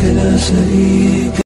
لا شريك